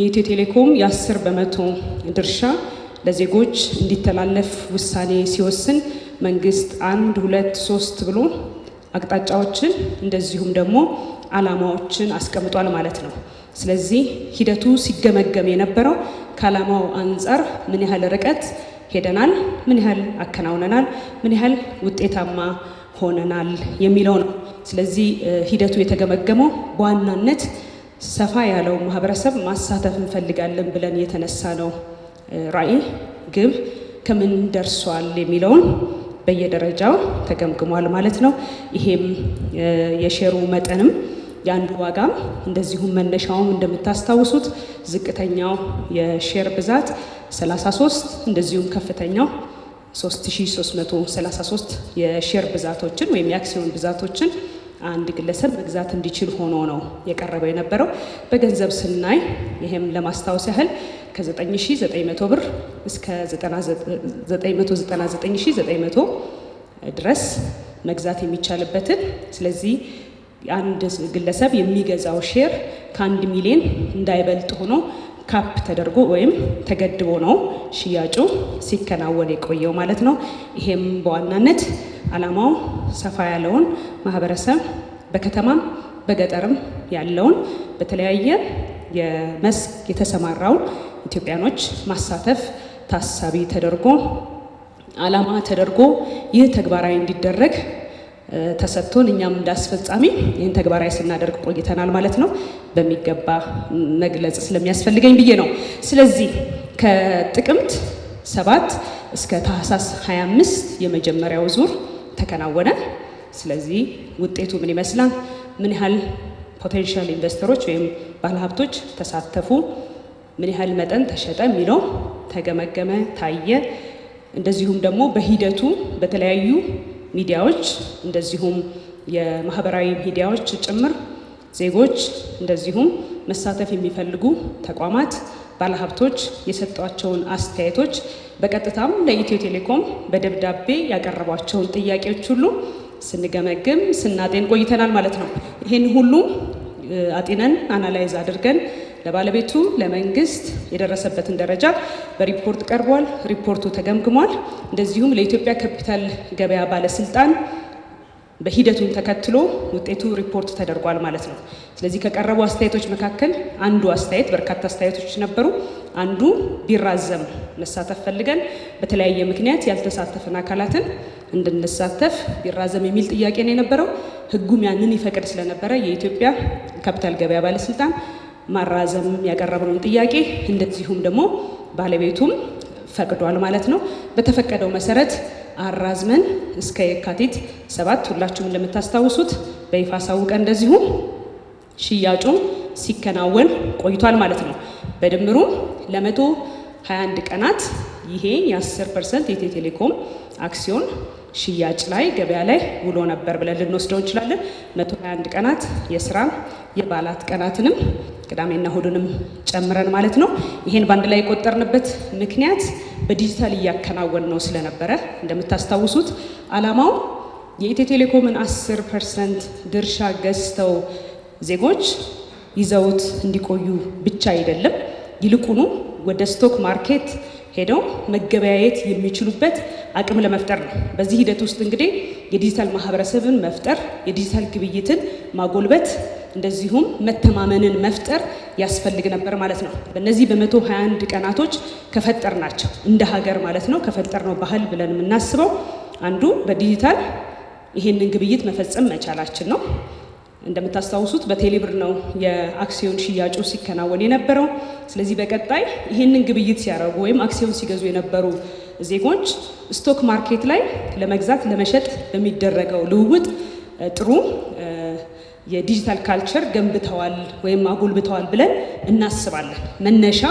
የኢትዮ ቴሌኮም የ10 በመቶ ድርሻ ለዜጎች እንዲተላለፍ ውሳኔ ሲወስን መንግስት አንድ ሁለት ሶስት ብሎ አቅጣጫዎችን እንደዚሁም ደግሞ አላማዎችን አስቀምጧል ማለት ነው። ስለዚህ ሂደቱ ሲገመገም የነበረው ከአላማው አንጻር ምን ያህል ርቀት ሄደናል፣ ምን ያህል አከናውነናል፣ ምን ያህል ውጤታማ ሆነናል የሚለው ነው። ስለዚህ ሂደቱ የተገመገመው በዋናነት ሰፋ ያለው ማህበረሰብ ማሳተፍ እንፈልጋለን ብለን የተነሳ ነው ራዕይ ግብ ከምን ደርሷል የሚለውን በየደረጃው ተገምግሟል ማለት ነው። ይሄም የሼሩ መጠንም የአንዱ ዋጋም እንደዚሁም መነሻውም እንደምታስታውሱት ዝቅተኛው የሼር ብዛት 33 እንደዚሁም ከፍተኛው 3333 የሼር ብዛቶችን ወይም የአክሲዮን ብዛቶችን አንድ ግለሰብ መግዛት እንዲችል ሆኖ ነው የቀረበው የነበረው። በገንዘብ ስናይ ይህም ለማስታወስ ያህል ከ9900 ብር እስከ 999900 ድረስ መግዛት የሚቻልበትን ስለዚህ አንድ ግለሰብ የሚገዛው ሼር ከአንድ ሚሊዮን እንዳይበልጥ ሆኖ ካፕ ተደርጎ ወይም ተገድቦ ነው ሽያጩ ሲከናወን የቆየው ማለት ነው። ይሄም በዋናነት ዓላማው ሰፋ ያለውን ማህበረሰብ በከተማም በገጠርም ያለውን በተለያየ የመስክ የተሰማራውን ኢትዮጵያኖች ማሳተፍ ታሳቢ ተደርጎ ዓላማ ተደርጎ ይህ ተግባራዊ እንዲደረግ ተሰጥቶን እኛም እንዳስፈጻሚ ይህን ተግባራዊ ስናደርግ ቆይተናል ማለት ነው። በሚገባ መግለጽ ስለሚያስፈልገኝ ብዬ ነው። ስለዚህ ከጥቅምት ሰባት እስከ ታህሳስ 25 የመጀመሪያው ዙር ተከናወነ። ስለዚህ ውጤቱ ምን ይመስላል? ምን ያህል ፖቴንሻል ኢንቨስተሮች ወይም ባለሀብቶች ተሳተፉ፣ ምን ያህል መጠን ተሸጠ የሚለው ተገመገመ፣ ታየ። እንደዚሁም ደግሞ በሂደቱ በተለያዩ ሚዲያዎች እንደዚሁም የማህበራዊ ሚዲያዎች ጭምር ዜጎች እንደዚሁም መሳተፍ የሚፈልጉ ተቋማት፣ ባለሀብቶች የሰጧቸውን አስተያየቶች በቀጥታም ለኢትዮ ቴሌኮም በደብዳቤ ያቀረቧቸውን ጥያቄዎች ሁሉ ስንገመግም ስናጤን ቆይተናል ማለት ነው። ይህን ሁሉ አጤነን አናላይዝ አድርገን ለባለቤቱ ለመንግስት የደረሰበትን ደረጃ በሪፖርት ቀርቧል። ሪፖርቱ ተገምግሟል። እንደዚሁም ለኢትዮጵያ ካፒታል ገበያ ባለስልጣን በሂደቱን ተከትሎ ውጤቱ ሪፖርት ተደርጓል ማለት ነው። ስለዚህ ከቀረቡ አስተያየቶች መካከል አንዱ አስተያየት፣ በርካታ አስተያየቶች ነበሩ። አንዱ ቢራዘም መሳተፍ ፈልገን በተለያየ ምክንያት ያልተሳተፍን አካላትን እንድንሳተፍ ቢራዘም የሚል ጥያቄ ነው የነበረው። ህጉም ያንን ይፈቅድ ስለነበረ የኢትዮጵያ ካፒታል ገበያ ባለስልጣን ማራዘም ያቀረብነውን ጥያቄ እንደዚሁም ደግሞ ባለቤቱም ፈቅዷል ማለት ነው። በተፈቀደው መሰረት አራዝመን እስከ የካቲት ሰባት ሁላችሁም እንደምታስታውሱት በይፋ ሳውቀ እንደዚሁ ሽያጩ ሲከናወን ቆይቷል ማለት ነው። በድምሩም ለመቶ 21 ቀናት ይሄን የ10 የኢትዮ ቴሌኮም አክሲዮን ሽያጭ ላይ ገበያ ላይ ውሎ ነበር ብለን ልንወስደው እንችላለን። 121 ቀናት የስራ የበዓላት ቀናትንም ቅዳሜና እሁድንም ጨምረን ማለት ነው። ይሄን በአንድ ላይ የቆጠርንበት ምክንያት በዲጂታል እያከናወን ነው ስለነበረ እንደምታስታውሱት አላማው የኢትዮ ቴሌኮምን 10 ፐርሰንት ድርሻ ገዝተው ዜጎች ይዘውት እንዲቆዩ ብቻ አይደለም ይልቁኑ ወደ ስቶክ ማርኬት ሄደው መገበያየት የሚችሉበት አቅም ለመፍጠር ነው። በዚህ ሂደት ውስጥ እንግዲህ የዲጂታል ማህበረሰብን መፍጠር፣ የዲጂታል ግብይትን ማጎልበት እንደዚሁም መተማመንን መፍጠር ያስፈልግ ነበር ማለት ነው። በእነዚህ በመቶ 21 ቀናቶች ከፈጠር ናቸው እንደ ሀገር ማለት ነው ከፈጠር ነው ባህል ብለን የምናስበው አንዱ በዲጂታል ይሄንን ግብይት መፈጸም መቻላችን ነው። እንደምታስታውሱት በቴሌብር ነው የአክሲዮን ሽያጩ ሲከናወን የነበረው። ስለዚህ በቀጣይ ይህንን ግብይት ሲያደርጉ ወይም አክሲዮን ሲገዙ የነበሩ ዜጎች ስቶክ ማርኬት ላይ ለመግዛት ለመሸጥ በሚደረገው ልውውጥ ጥሩ የዲጂታል ካልቸር ገንብተዋል ወይም አጎልብተዋል ብለን እናስባለን። መነሻ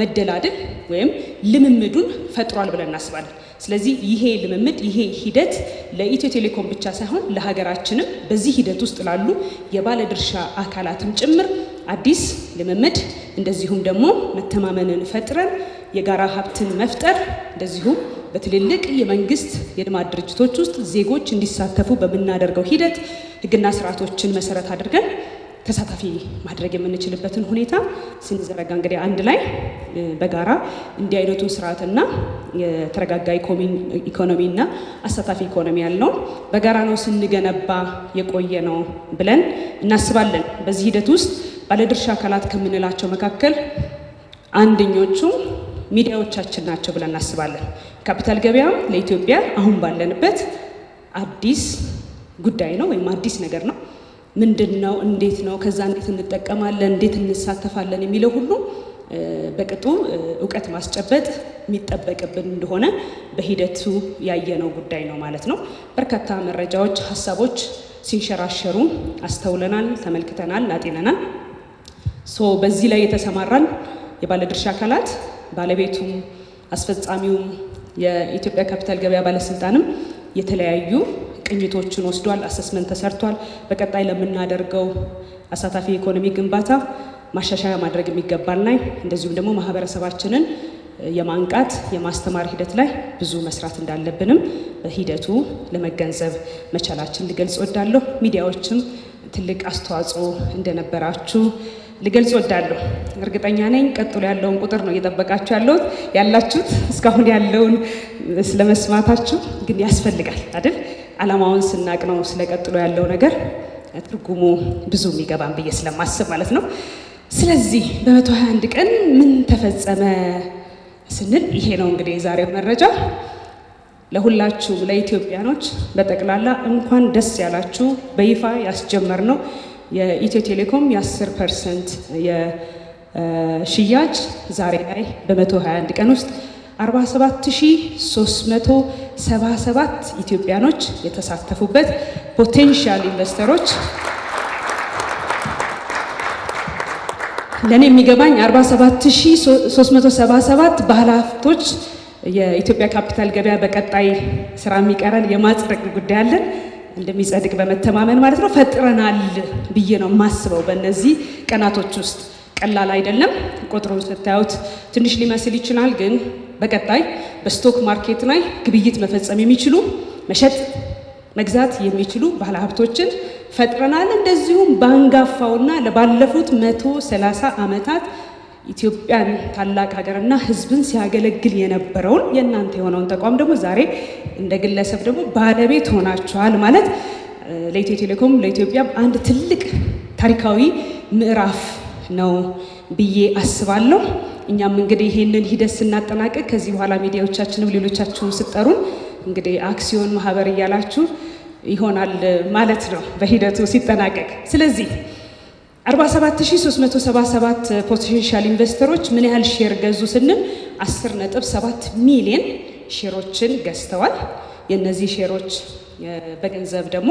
መደላድል ወይም ልምምዱን ፈጥሯል ብለን እናስባለን። ስለዚህ ይሄ ልምምድ ይሄ ሂደት ለኢትዮ ቴሌኮም ብቻ ሳይሆን ለሀገራችንም በዚህ ሂደት ውስጥ ላሉ የባለድርሻ አካላትም ጭምር አዲስ ልምምድ እንደዚሁም ደግሞ መተማመንን ፈጥረን የጋራ ሀብትን መፍጠር እንደዚሁም በትልልቅ የመንግስት የልማት ድርጅቶች ውስጥ ዜጎች እንዲሳተፉ በምናደርገው ሂደት ህግና ስርዓቶችን መሰረት አድርገን ተሳታፊ ማድረግ የምንችልበትን ሁኔታ ስንዘረጋ እንግዲህ አንድ ላይ በጋራ እንዲህ አይነቱን ስርዓትና የተረጋጋ ኢኮኖሚና አሳታፊ ኢኮኖሚ ያለው በጋራ ነው ስንገነባ የቆየ ነው ብለን እናስባለን። በዚህ ሂደት ውስጥ ባለድርሻ አካላት ከምንላቸው መካከል አንደኞቹ ሚዲያዎቻችን ናቸው ብለን እናስባለን። ካፒታል ገበያ ለኢትዮጵያ አሁን ባለንበት አዲስ ጉዳይ ነው ወይም አዲስ ነገር ነው። ምንድን ነው፣ እንዴት ነው፣ ከዛ እንዴት እንጠቀማለን፣ እንዴት እንሳተፋለን የሚለው ሁሉ በቅጡ እውቀት ማስጨበጥ የሚጠበቅብን እንደሆነ በሂደቱ ያየነው ጉዳይ ነው ማለት ነው። በርካታ መረጃዎች፣ ሀሳቦች ሲንሸራሸሩ አስተውለናል፣ ተመልክተናል፣ አጤነናል። ሶ በዚህ ላይ የተሰማራን የባለድርሻ አካላት ባለቤቱም፣ አስፈጻሚውም፣ የኢትዮጵያ ካፒታል ገበያ ባለስልጣንም የተለያዩ ቅኝቶችን ወስዷል፣ አሰስመንት ተሰርቷል። በቀጣይ ለምናደርገው አሳታፊ ኢኮኖሚ ግንባታ ማሻሻያ ማድረግ የሚገባል ላይ እንደዚሁም ደግሞ ማህበረሰባችንን የማንቃት የማስተማር ሂደት ላይ ብዙ መስራት እንዳለብንም በሂደቱ ለመገንዘብ መቻላችን ልገልጽ ወዳለሁ። ሚዲያዎችም ትልቅ አስተዋጽኦ እንደነበራችሁ ልገልጽ ወዳለሁ። እርግጠኛ ነኝ ቀጥሎ ያለውን ቁጥር ነው እየጠበቃችሁ ያለሁት ያላችሁት እስካሁን ያለውን ስለመስማታችሁ ግን ያስፈልጋል አይደል? ዓላማውን ስናቅ ነው ስለቀጥሎ ያለው ነገር ትርጉሙ ብዙ የሚገባን ብዬ ስለማስብ ማለት ነው። ስለዚህ በመቶ 21 ቀን ምን ተፈጸመ ስንል ይሄ ነው እንግዲህ የዛሬው መረጃ። ለሁላችሁም ለኢትዮጵያኖች በጠቅላላ እንኳን ደስ ያላችሁ። በይፋ ያስጀመር ነው የኢትዮ ቴሌኮም የ10 ፐርሰንት የሽያጭ ዛሬ ላይ በመቶ 21 ቀን ውስጥ 47377 ኢትዮጵያኖች የተሳተፉበት ፖቴንሻል ኢንቨስተሮች ለእኔ የሚገባኝ 47377 ባለሀብቶች የኢትዮጵያ ካፒታል ገበያ በቀጣይ ስራ የሚቀረን የማጽደቅ ጉዳይ አለን እንደሚጸድቅ በመተማመን ማለት ነው ፈጥረናል ብዬ ነው የማስበው። በእነዚህ ቀናቶች ውስጥ ቀላል አይደለም። ቁጥሩን ስታዩት ትንሽ ሊመስል ይችላል ግን በቀጣይ በስቶክ ማርኬት ላይ ግብይት መፈጸም የሚችሉ መሸጥ መግዛት የሚችሉ ባለ ሀብቶችን ፈጥረናል። እንደዚሁም በአንጋፋውና ለባለፉት መቶ ሰላሳ ዓመታት ኢትዮጵያን ታላቅ ሀገርና ሕዝብን ሲያገለግል የነበረውን የእናንተ የሆነውን ተቋም ደግሞ ዛሬ እንደ ግለሰብ ደግሞ ባለቤት ሆናችኋል ማለት ለኢትዮ ቴሌኮም ለኢትዮጵያም አንድ ትልቅ ታሪካዊ ምዕራፍ ነው ብዬ አስባለሁ። እኛም እንግዲህ ይህንን ሂደት ስናጠናቀቅ ከዚህ በኋላ ሚዲያዎቻችንም ሌሎቻችሁም ስጠሩን እንግዲህ አክሲዮን ማህበር እያላችሁ ይሆናል ማለት ነው በሂደቱ ሲጠናቀቅ። ስለዚህ 47377 ፖቴንሻል ኢንቨስተሮች ምን ያህል ሼር ገዙ ስንል 10.7 ሚሊዮን ሼሮችን ገዝተዋል። የእነዚህ ሼሮች በገንዘብ ደግሞ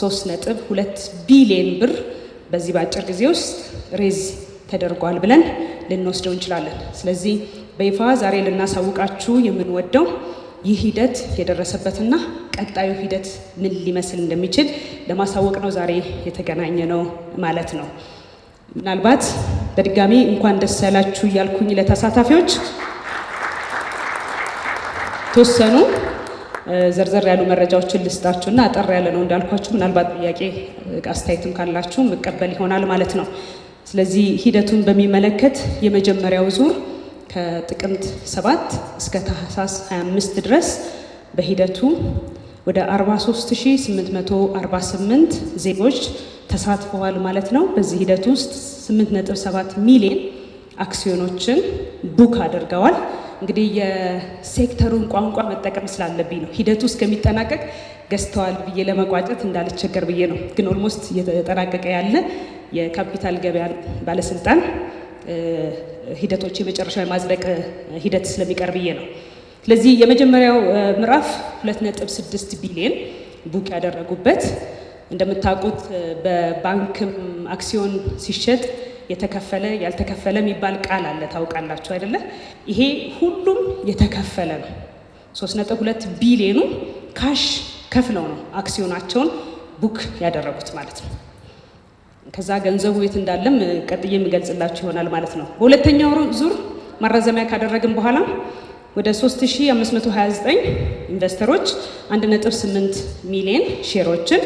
3.2 ቢሊዮን ብር በዚህ በአጭር ጊዜ ውስጥ ሬዝ ተደርጓል ብለን ልንወስደው እንችላለን። ስለዚህ በይፋ ዛሬ ልናሳውቃችሁ የምንወደው ይህ ሂደት የደረሰበትና ቀጣዩ ሂደት ምን ሊመስል እንደሚችል ለማሳወቅ ነው ዛሬ የተገናኘ ነው ማለት ነው። ምናልባት በድጋሚ እንኳን ደስ ያላችሁ እያልኩኝ ለተሳታፊዎች ተወሰኑ ዘርዘር ያሉ መረጃዎችን ልስጣችሁና አጠር ያለ ነው እንዳልኳችሁ። ምናልባት ጥያቄ አስተያየትም ካላችሁ መቀበል ይሆናል ማለት ነው። ስለዚህ ሂደቱን በሚመለከት የመጀመሪያው ዙር ከጥቅምት 7 እስከ ታህሳስ 25 ድረስ በሂደቱ ወደ 43848 ዜጎች ተሳትፈዋል ማለት ነው። በዚህ ሂደት ውስጥ 8.7 ሚሊዮን አክሲዮኖችን ቡክ አድርገዋል። እንግዲህ የሴክተሩን ቋንቋ መጠቀም ስላለብኝ ነው። ሂደቱ እስከሚጠናቀቅ ገዝተዋል ብዬ ለመቋጨት እንዳልቸገር ብዬ ነው። ግን ኦልሞስት እየተጠናቀቀ ያለ የካፒታል ገበያ ባለስልጣን ሂደቶች የመጨረሻ የማጽደቅ ሂደት ስለሚቀር ብዬ ነው። ስለዚህ የመጀመሪያው ምዕራፍ 2.6 ቢሊዮን ቡቅ ያደረጉበት እንደምታውቁት በባንክም አክሲዮን ሲሸጥ የተከፈለ ያልተከፈለ የሚባል ቃል አለ ታውቃላችሁ አይደለ? ይሄ ሁሉም የተከፈለ ነው። 3.2 ቢሊዮኑ ካሽ ከፍለው ነው አክሲዮናቸውን ቡክ ያደረጉት ማለት ነው። ከዛ ገንዘቡ የት እንዳለም ቀጥዬ የሚገልጽላችሁ ይሆናል ማለት ነው። በሁለተኛው ዙር ማራዘሚያ ካደረግን በኋላ ወደ 3529 ኢንቨስተሮች 1.8 ሚሊዮን ሼሮችን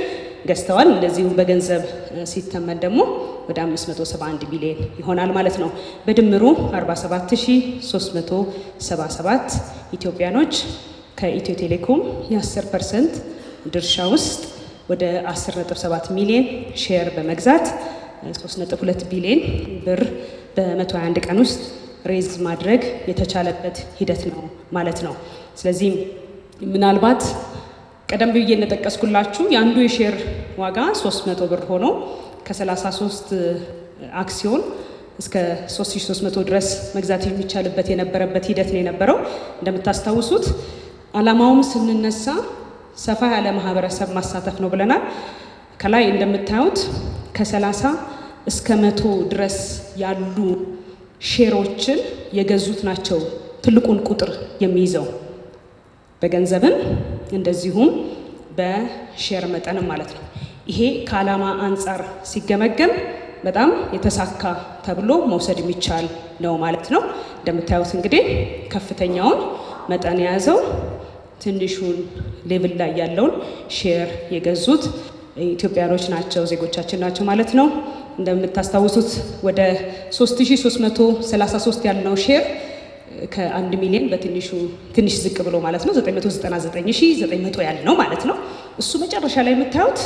ገዝተዋል። እንደዚሁ በገንዘብ ሲተመን ደግሞ ወደ 571 ቢሊዮን ይሆናል ማለት ነው። በድምሩ 47377 ኢትዮጵያኖች ከኢትዮ ቴሌኮም የ10 ፐርሰንት ድርሻ ውስጥ ወደ 10.7 ሚሊዮን ሼር በመግዛት 3.2 ቢሊዮን ብር በ121 ቀን ውስጥ ሬዝ ማድረግ የተቻለበት ሂደት ነው ማለት ነው። ስለዚህም ምናልባት ቀደም ብዬ እንደጠቀስኩላችሁ የአንዱ የሼር ዋጋ 300 ብር ሆኖ ከ33 አክሲዮን እስከ 3300 ድረስ መግዛት የሚቻልበት የነበረበት ሂደት ነው የነበረው። እንደምታስታውሱት አላማውም ስንነሳ ሰፋ ያለ ማህበረሰብ ማሳተፍ ነው ብለናል። ከላይ እንደምታዩት ከ30 እስከ መቶ ድረስ ያሉ ሼሮችን የገዙት ናቸው ትልቁን ቁጥር የሚይዘው በገንዘብም እንደዚሁም በሼር መጠንም ማለት ነው። ይሄ ከዓላማ አንጻር ሲገመገም በጣም የተሳካ ተብሎ መውሰድ የሚቻል ነው ማለት ነው። እንደምታዩት እንግዲህ ከፍተኛውን መጠን የያዘው ትንሹን ሌቭል ላይ ያለውን ሼር የገዙት ኢትዮጵያኖች ናቸው፣ ዜጎቻችን ናቸው ማለት ነው። እንደምታስታውሱት ወደ 3333 ያለው ሼር ከአንድ ሚሊዮን በትንሹ ትንሽ ዝቅ ብሎ ማለት ነው 999900 ያለ ነው ማለት ነው። እሱ መጨረሻ ላይ የምታዩት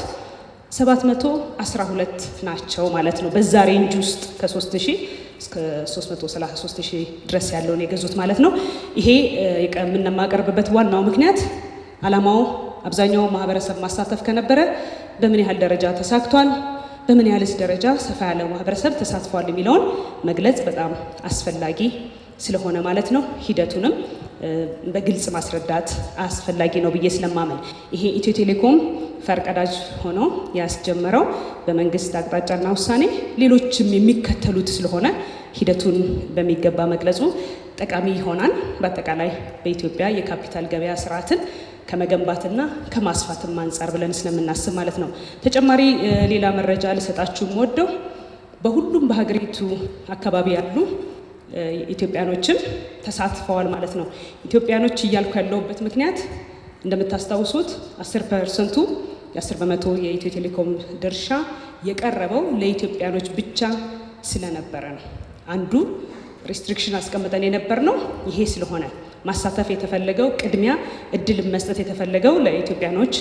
712 ናቸው ማለት ነው። በዛ ሬንጅ ውስጥ ከ3000 እስከ 333000 ድረስ ያለውን የገዙት ማለት ነው። ይሄ የምናቀርብበት ዋናው ምክንያት አላማው አብዛኛው ማህበረሰብ ማሳተፍ ከነበረ በምን ያህል ደረጃ ተሳክቷል፣ በምን ያህልስ ደረጃ ሰፋ ያለ ማህበረሰብ ተሳትፏል የሚለውን መግለጽ በጣም አስፈላጊ ስለሆነ ማለት ነው ሂደቱንም በግልጽ ማስረዳት አስፈላጊ ነው ብዬ ስለማመን ይሄ ኢትዮ ቴሌኮም ፈርቀዳጅ ሆኖ ያስጀመረው በመንግስት አቅጣጫና ውሳኔ ሌሎችም የሚከተሉት ስለሆነ ሂደቱን በሚገባ መግለጹ ጠቃሚ ይሆናል። በአጠቃላይ በኢትዮጵያ የካፒታል ገበያ ስርዓትን ከመገንባትና ከማስፋትም አንጻር ብለን ስለምናስብ ማለት ነው። ተጨማሪ ሌላ መረጃ ልሰጣችሁ ወደው በሁሉም በሀገሪቱ አካባቢ ያሉ ኢትዮጵያኖችም ተሳትፈዋል ማለት ነው። ኢትዮጵያኖች እያልኩ ያለሁበት ምክንያት እንደምታስታውሱት አስር ፐርሰንቱ የአስር በመቶ የኢትዮ ቴሌኮም ድርሻ የቀረበው ለኢትዮጵያኖች ብቻ ስለነበረ ነው። አንዱ ሪስትሪክሽን አስቀምጠን የነበር ነው። ይሄ ስለሆነ ማሳተፍ የተፈለገው ቅድሚያ እድል መስጠት የተፈለገው ለኢትዮጵያኖች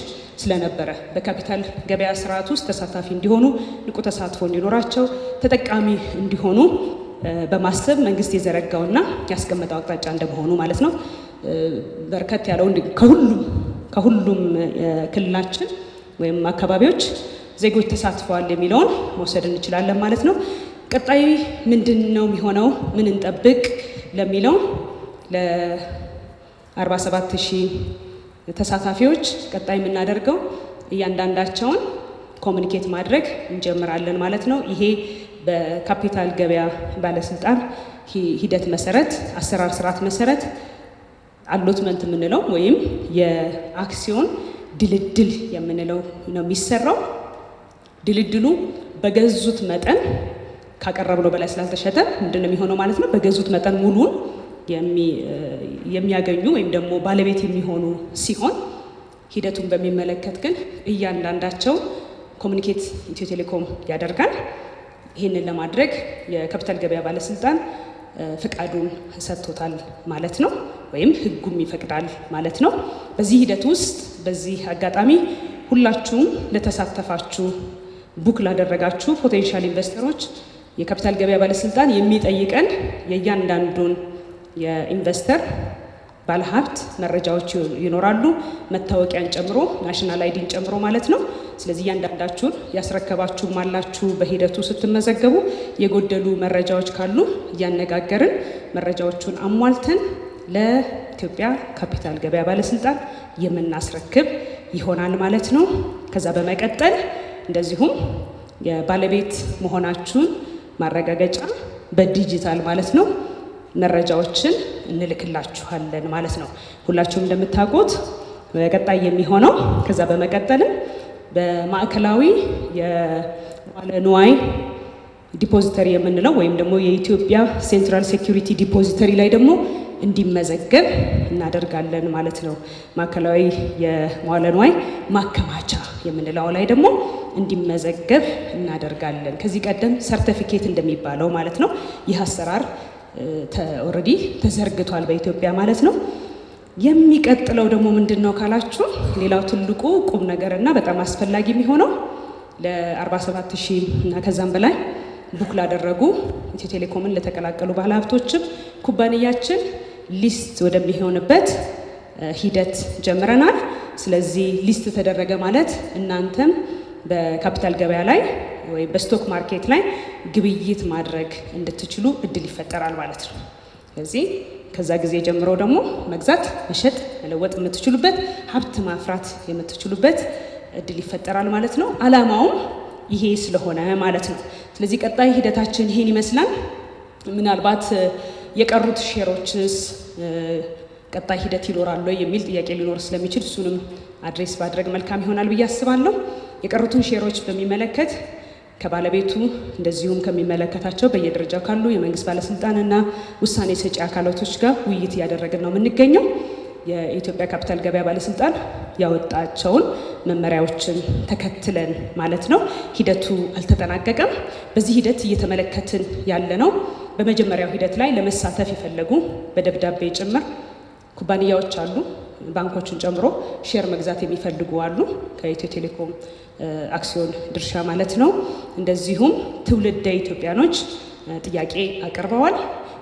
ስለነበረ በካፒታል ገበያ ስርዓት ውስጥ ተሳታፊ እንዲሆኑ፣ ንቁ ተሳትፎ እንዲኖራቸው፣ ተጠቃሚ እንዲሆኑ በማሰብ መንግስት የዘረጋውና ያስቀመጠው አቅጣጫ እንደመሆኑ ማለት ነው በርከት ያለው ከሁሉም ከሁሉም ክልላችን ወይም አካባቢዎች ዜጎች ተሳትፈዋል የሚለውን መውሰድ እንችላለን ማለት ነው። ቀጣይ ምንድን ነው የሚሆነው? ምን እንጠብቅ ለሚለው ለ47 ሺህ ተሳታፊዎች ቀጣይ የምናደርገው እያንዳንዳቸውን ኮሚኒኬት ማድረግ እንጀምራለን ማለት ነው ይሄ በካፒታል ገበያ ባለስልጣን ሂደት መሰረት አሰራር ስርዓት መሰረት አሎትመንት የምንለው ወይም የአክሲዮን ድልድል የምንለው ነው የሚሰራው። ድልድሉ በገዙት መጠን ካቀረብነው በላይ ስላልተሸጠ ምንድን ነው የሚሆነው ማለት ነው። በገዙት መጠን ሙሉን የሚያገኙ ወይም ደግሞ ባለቤት የሚሆኑ ሲሆን ሂደቱን በሚመለከት ግን እያንዳንዳቸው ኮሚኒኬት ኢትዮ ቴሌኮም ያደርጋል። ይህንን ለማድረግ የካፒታል ገበያ ባለስልጣን ፍቃዱን ሰጥቶታል ማለት ነው፣ ወይም ህጉም ይፈቅዳል ማለት ነው። በዚህ ሂደት ውስጥ በዚህ አጋጣሚ ሁላችሁም ለተሳተፋችሁ፣ ቡክ ላደረጋችሁ ፖቴንሻል ኢንቨስተሮች የካፒታል ገበያ ባለስልጣን የሚጠይቀን የእያንዳንዱን የኢንቨስተር ባለሀብት መረጃዎች ይኖራሉ፣ መታወቂያን ጨምሮ ናሽናል አይዲን ጨምሮ ማለት ነው። ስለዚህ እያንዳንዳችሁን ያስረከባችሁም አላችሁ። በሂደቱ ስትመዘገቡ የጎደሉ መረጃዎች ካሉ እያነጋገርን መረጃዎቹን አሟልተን ለኢትዮጵያ ካፒታል ገበያ ባለስልጣን የምናስረክብ ይሆናል ማለት ነው። ከዛ በመቀጠል እንደዚሁም የባለቤት መሆናችሁን ማረጋገጫ በዲጂታል ማለት ነው መረጃዎችን እንልክላችኋለን ማለት ነው። ሁላችሁም እንደምታውቁት በቀጣይ የሚሆነው ከዛ በመቀጠልም በማዕከላዊ የዋለንዋይ ንዋይ ዲፖዚተሪ የምንለው ወይም ደግሞ የኢትዮጵያ ሴንትራል ሴኪሪቲ ዲፖዚተሪ ላይ ደግሞ እንዲመዘገብ እናደርጋለን ማለት ነው። ማዕከላዊ የመዋለ ንዋይ ማከማቻ የምንለው ላይ ደግሞ እንዲመዘገብ እናደርጋለን። ከዚህ ቀደም ሰርተፊኬት እንደሚባለው ማለት ነው ይህ አሰራር ኦልሬዲ ተዘርግቷል በኢትዮጵያ ማለት ነው። የሚቀጥለው ደግሞ ምንድን ነው ካላችሁ፣ ሌላው ትልቁ ቁም ነገር እና በጣም አስፈላጊ የሚሆነው ለ47 ሺህ እና ከዛም በላይ ቡክ ላደረጉ ኢትዮ ቴሌኮምን ለተቀላቀሉ ባለሀብቶችም ኩባንያችን ሊስት ወደሚሆንበት ሂደት ጀምረናል። ስለዚህ ሊስት ተደረገ ማለት እናንተም በካፒታል ገበያ ላይ ወይም በስቶክ ማርኬት ላይ ግብይት ማድረግ እንድትችሉ እድል ይፈጠራል ማለት ነው። ስለዚህ ከዛ ጊዜ ጀምሮ ደግሞ መግዛት፣ መሸጥ፣ መለወጥ የምትችሉበት ሀብት ማፍራት የምትችሉበት እድል ይፈጠራል ማለት ነው። አላማውም ይሄ ስለሆነ ማለት ነው። ስለዚህ ቀጣይ ሂደታችን ይሄን ይመስላል። ምናልባት የቀሩት ሼሮችስ ቀጣይ ሂደት ይኖራሉ የሚል ጥያቄ ሊኖር ስለሚችል እሱንም አድሬስ ባድረግ መልካም ይሆናል ብዬ አስባለሁ። የቀሩትን ሼሮች በሚመለከት ከባለቤቱ እንደዚሁም ከሚመለከታቸው በየደረጃው ካሉ የመንግስት ባለስልጣንና ውሳኔ ሰጪ አካላቶች ጋር ውይይት እያደረግን ነው የምንገኘው። የኢትዮጵያ ካፒታል ገበያ ባለስልጣን ያወጣቸውን መመሪያዎችን ተከትለን ማለት ነው። ሂደቱ አልተጠናቀቀም። በዚህ ሂደት እየተመለከትን ያለ ነው። በመጀመሪያው ሂደት ላይ ለመሳተፍ የፈለጉ በደብዳቤ ጭምር ኩባንያዎች አሉ፣ ባንኮችን ጨምሮ ሼር መግዛት የሚፈልጉ አሉ ከኢትዮ ቴሌኮም አክሲዮን ድርሻ ማለት ነው። እንደዚሁም ትውልደ ኢትዮጵያኖች ጥያቄ አቅርበዋል።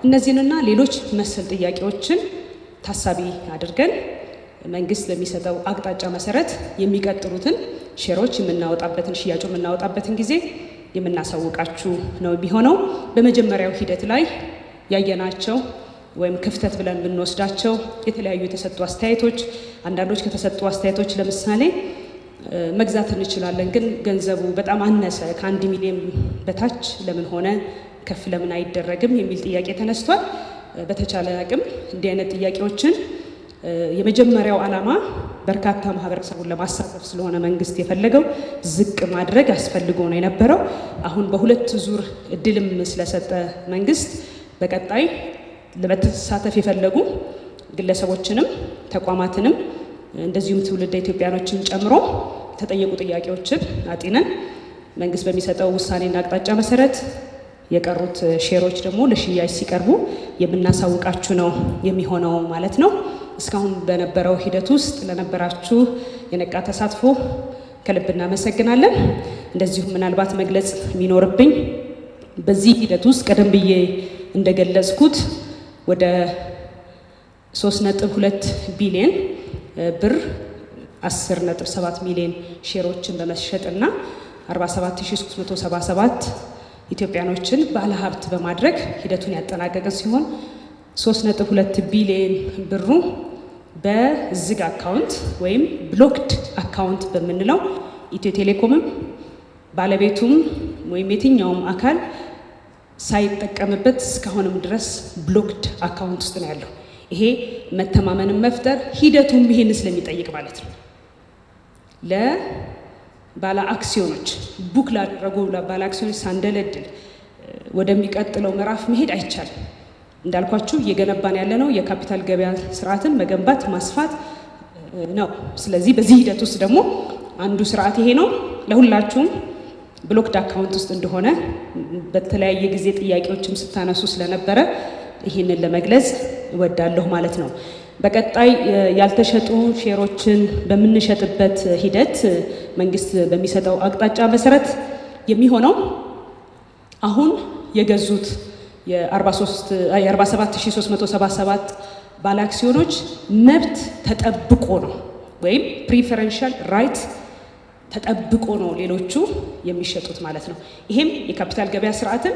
እነዚህንና ሌሎች መሰል ጥያቄዎችን ታሳቢ አድርገን መንግስት በሚሰጠው አቅጣጫ መሰረት የሚቀጥሉትን ሼሮች የምናወጣበትን ሽያጩ የምናወጣበትን ጊዜ የምናሳውቃችሁ ነው የሚሆነው። በመጀመሪያው ሂደት ላይ ያየናቸው ወይም ክፍተት ብለን ብንወስዳቸው የተለያዩ የተሰጡ አስተያየቶች አንዳንዶች ከተሰጡ አስተያየቶች ለምሳሌ መግዛት እንችላለን። ግን ገንዘቡ በጣም አነሰ፣ ከአንድ ሚሊዮን በታች ለምን ሆነ ከፍ ለምን አይደረግም የሚል ጥያቄ ተነስቷል። በተቻለ አቅም እንዲህ አይነት ጥያቄዎችን የመጀመሪያው ዓላማ በርካታ ማህበረሰቡን ለማሳተፍ ስለሆነ መንግስት የፈለገው ዝቅ ማድረግ አስፈልጎ ነው የነበረው። አሁን በሁለት ዙር እድልም ስለሰጠ መንግስት በቀጣይ ለመተሳተፍ የፈለጉ ግለሰቦችንም ተቋማትንም እንደዚሁም ትውልደ ኢትዮጵያኖችን ጨምሮ የተጠየቁ ጥያቄዎችን አጢነን መንግስት በሚሰጠው ውሳኔና አቅጣጫ መሰረት የቀሩት ሼሮች ደግሞ ለሽያጭ ሲቀርቡ የምናሳውቃችሁ ነው የሚሆነው ማለት ነው። እስካሁን በነበረው ሂደት ውስጥ ለነበራችሁ የነቃ ተሳትፎ ከልብ እናመሰግናለን። እንደዚሁም ምናልባት መግለጽ የሚኖርብኝ በዚህ ሂደት ውስጥ ቀደም ብዬ እንደገለጽኩት ወደ 3.2 ቢሊዮን ብር 10.7 ሚሊዮን ሼሮችን በመሸጥና 47377 ኢትዮጵያኖችን ባለሀብት በማድረግ ሂደቱን ያጠናቀቀ ሲሆን 3.2 ቢሊዮን ብሩ በዝግ አካውንት ወይም ብሎክድ አካውንት በምንለው ኢትዮ ቴሌኮምም ባለቤቱም ወይም የትኛውም አካል ሳይጠቀምበት እስካሁንም ድረስ ብሎክድ አካውንት ውስጥ ነው ያለው። ይሄ መተማመንን መፍጠር ሂደቱም ይሄን ስለሚጠይቅ ማለት ነው። ለባለ አክሲዮኖች ቡክ ላደረጉ ባለ አክሲዮኖች ሳንደለድል ወደሚቀጥለው ምዕራፍ መሄድ አይቻልም። እንዳልኳችሁ እየገነባን ያለነው የካፒታል ገበያ ስርዓትን መገንባት ማስፋት ነው። ስለዚህ በዚህ ሂደት ውስጥ ደግሞ አንዱ ስርዓት ይሄ ነው። ለሁላችሁም ብሎክድ አካውንት ውስጥ እንደሆነ በተለያየ ጊዜ ጥያቄዎችም ስታነሱ ስለነበረ ይህንን ለመግለጽ እወዳለሁ ማለት ነው። በቀጣይ ያልተሸጡ ሼሮችን በምንሸጥበት ሂደት መንግስት በሚሰጠው አቅጣጫ መሰረት የሚሆነው አሁን የገዙት የ47377 ባለ አክሲዮኖች መብት ተጠብቆ ነው ወይም ፕሪፈረንሻል ራይት ተጠብቆ ነው ሌሎቹ የሚሸጡት ማለት ነው። ይሄም የካፒታል ገበያ ስርዓትን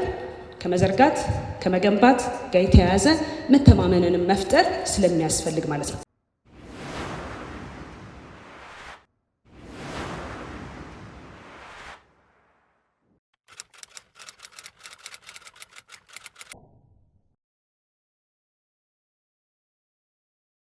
ከመዘርጋት ከመገንባት ጋር የተያያዘ መተማመንንም መፍጠር ስለሚያስፈልግ ማለት ነው።